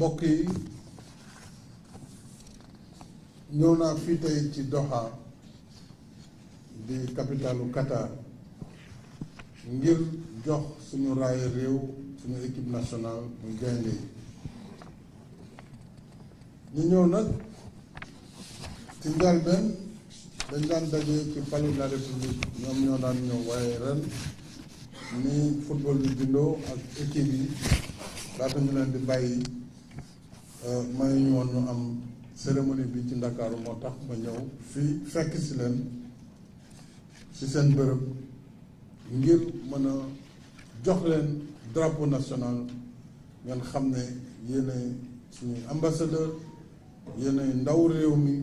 mbokk yi ñëw naa fii tey ci Doha di capitalu Qatar ngir jox suñu raaya réew suñu équipe nationale muy gaynde yi ñu ñëw nag ci njalbeen dañ daan daje ci palais république ñoom ñoo daan ñëw waaye ren ni football bi bindoo ak équipe yi laata ñu leen di bàyyi Euh, may ñu woon ñu am cérémonie bi ci Ndakaaru moo tax ma ñëw fii fekk si leen ci seen bërëb ngir mën a jox leen drapeau national ngeen xam ne yéenay suñu ambassadeur yéenay ndaw réew mi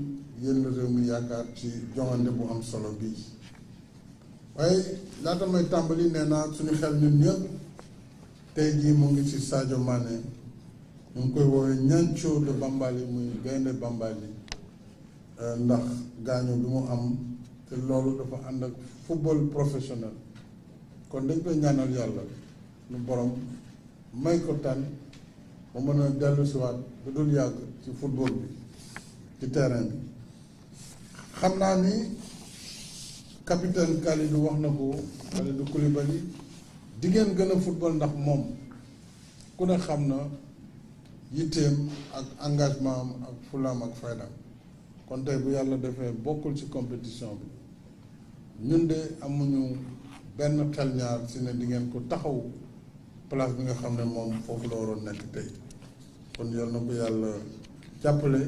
yéen réew mi yaakaar ci joŋante bu am solo bii waaye laata may tàmbali nee naa suñu xel ñun ñëpp tey jii mu ngi ci Sadio Mané. ñu ngi koy woowee ñancoo de Bambali muy gaynde Bambali euh, ndax gaaño bi mu am te loolu dafa ànd ak football professionnel kon dañ koy ñaanal yàlla nu borom may ko tànn mu mën a dellu siwaat lu dul yàgg ci football bi ci terrain bi xam naa ni capitaine Kalidou wax na ko Kalidou Koulibaly di ngeen gën a football ndax moom ku ne xam na yitteem ak engagement ak fulaam ak faydaam kon tey bu yàlla defee bokkul ci compétition bi ñun de amuñu benn xel ñaar si ne di ngeen ko taxaw place bi nga xam ne moom foofu la waroon nekk tey kon yal na ko yàlla jàppale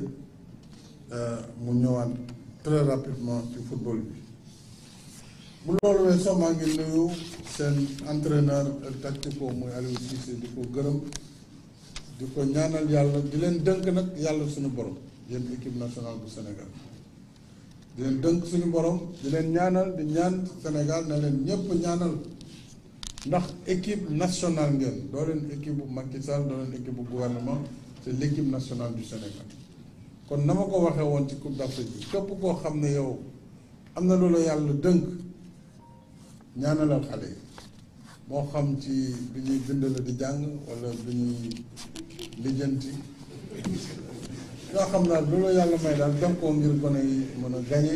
eh, mu ñëwaat très rapidement ci football bi. bu loolu weesoo maa ngi nuyu seen entraîneur tactico muy Aliou Cissé di ko gërëm. di ko ñaanal yàlla di leen dënk nag yàlla suñu borom yéen équipe nationale bu Sénégal di leen dënk suñu borom di leen ñaanal di ñaan Sénégal na leen ñëpp ñaanal ndax équipe nationale ngeen doo leen équipe bu Macky Sall doo leen équipe bu gouvernement c'est l'équipe nationale du Sénégal kon na ma ko waxee woon ci Coupe d'Afrique bi képp koo xam ne yow am na loola yàlla dënk ñaanalal xale yi moo xam ci bi ñuy bindal di jàng walla bi ñuy lijjanti yoo xam naa loolu yàlla may daal dem koo ngir gone yi mën a gañe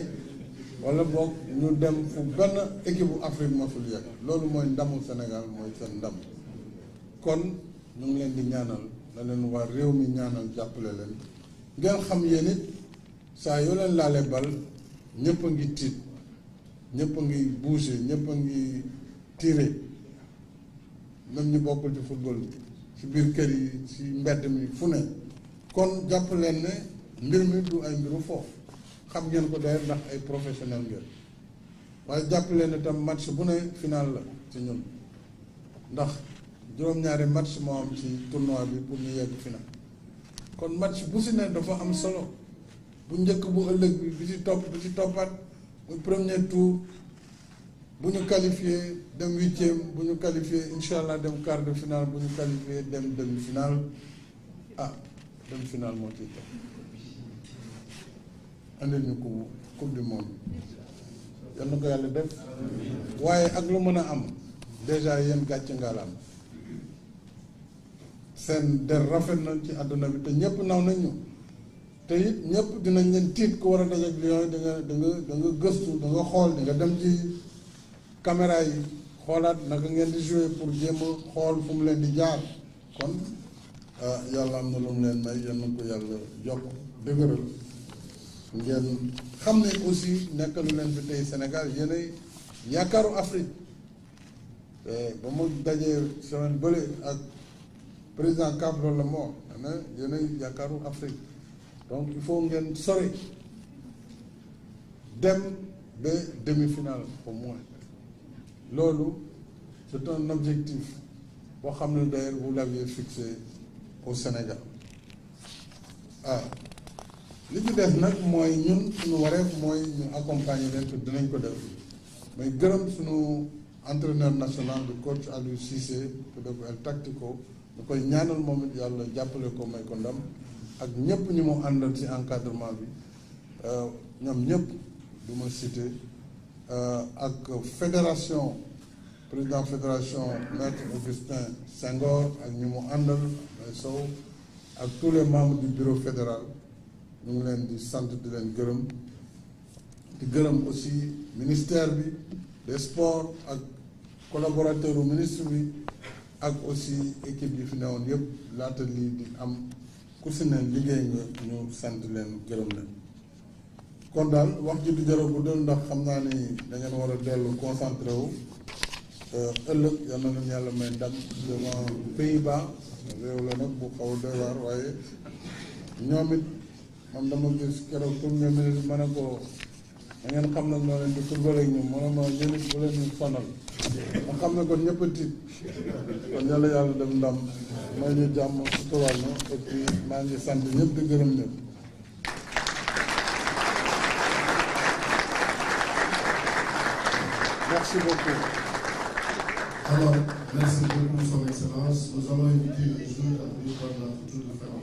wala boog ñu dem fu benn équipe bu Afrique masul yegg loolu mooy ndamu senegal mooy seen ndam kon ñu ngi leen di ñaanal la leen waa réew mi ñaanal jàppale leen ngeen xam yéen it saa yoo leen laale bal ñëpp a ngi tiit ñëpp a ngi bouger ñëpp a ngi tiire même ñu bokkul ci football bi ci biir kër yi ci mbedd mi fu ne kon jàpp leen ne mbir mi du ay mbiru foofu xam ngeen ko day ndax ay professionnel ngeen waaye jàpp leen ne match bu ne final la ci ñun ndax juróom-ñaari match moo ci tournoi bi pour ñu yegg final kon match bu si ne dafa am solo bu njëkk bu ëllëg bi bi ci topp bi ci toppaat muy premier tour bu ñu qualifié dem huitième bu ñu qualifié incha allah dem quart de finale bu ñu qualifié dem demi finale ah demi finale moo ciy teg andil ñu ko coupe du monde yal na ko yàlla def waaye ak lu mën a am déjà yéen gàcce ngaalaam seen der rafet na ci àdduna bi te ñëpp naw nañ ñu te it ñëpp dinañ leen tiit ku war a dajeeg Lions yi da gëstu da nga xool da nga dem ci. caméra yi xoolaat nag a ngeen di jouer pour jéem a xool fu mu leen di jaar kon ah, yàlla am na lu mu leen may yal na ko yàlla yokk dëgëral ngeen xam ne aussi nekkalu leen fi tey Sénégal yéenay yaakaaru Afrique te eh, ba mu dajee semaine bële ak président Cap loolu la moo ne yéenay yaakaaru Afrique donc il faut ngeen sori dem ba demi-finale au moins. loolu c'est un objectif boo xam ne d'ailleurs vous l'aviez fixé au Sénégal ah li ci des nag mooy ñun suñu wareef mooy ñu accompagner leen dinañ ko def may gërëm suñu entraîneur national de coach Aliou Cissé tudde ko El Tactico da koy ñaanal moom it yàlla jàppale ko may ko ndam ak ñëpp ñu mu àndal ci encadrement bi euh, ñoom ñëpp du ma Euh, ak fédération président fédération maître Augustin Senghor ak ñi mu àndal may sow ak tous les membres du bureau fédéral ñu ngi leen di sant di leen gërëm di gërëm aussi ministère bi de sports ak collaborateur ministre bi ak aussi équipe yi fi newoon yëpp laata lii di am ku si liggéey nga ñu sant leen gërëm leen kon daal wax ji du bu dul ndax xam naa ni dangeen war a dellu concentré wu euh, ëllëg yal na leen yàlla may ndam devant Pays-Bas réew la nag bu xaw doy waaye ñoom it man dama gis keroog pour ñu ne ma ne ko da xam nag noo leen di football ak ñoom ma leen ñu fanal ma xam ne ko ñëpp a tiit kon yàlla yàlla dem ndam may ñu jàmm suturaal et puis maa ngi sant ñëpp di gërëm Merci beaucoup. Alors, merci beaucoup, Son Excellence. Nous allons inviter les jeunes à venir par la photo de famille.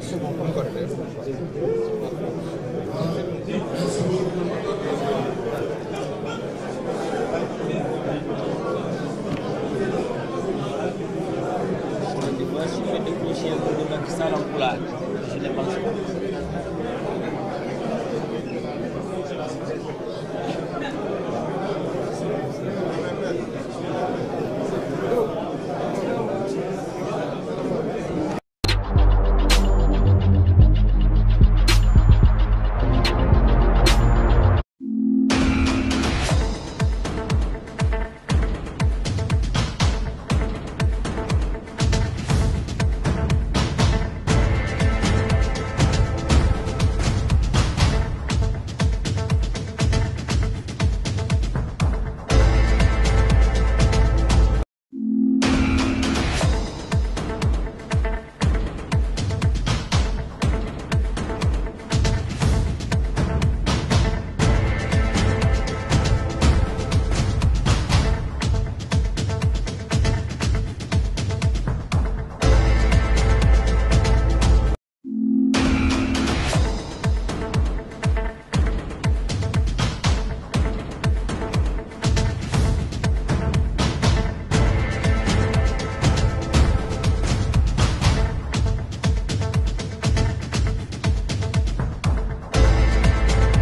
souvent comme Colbert.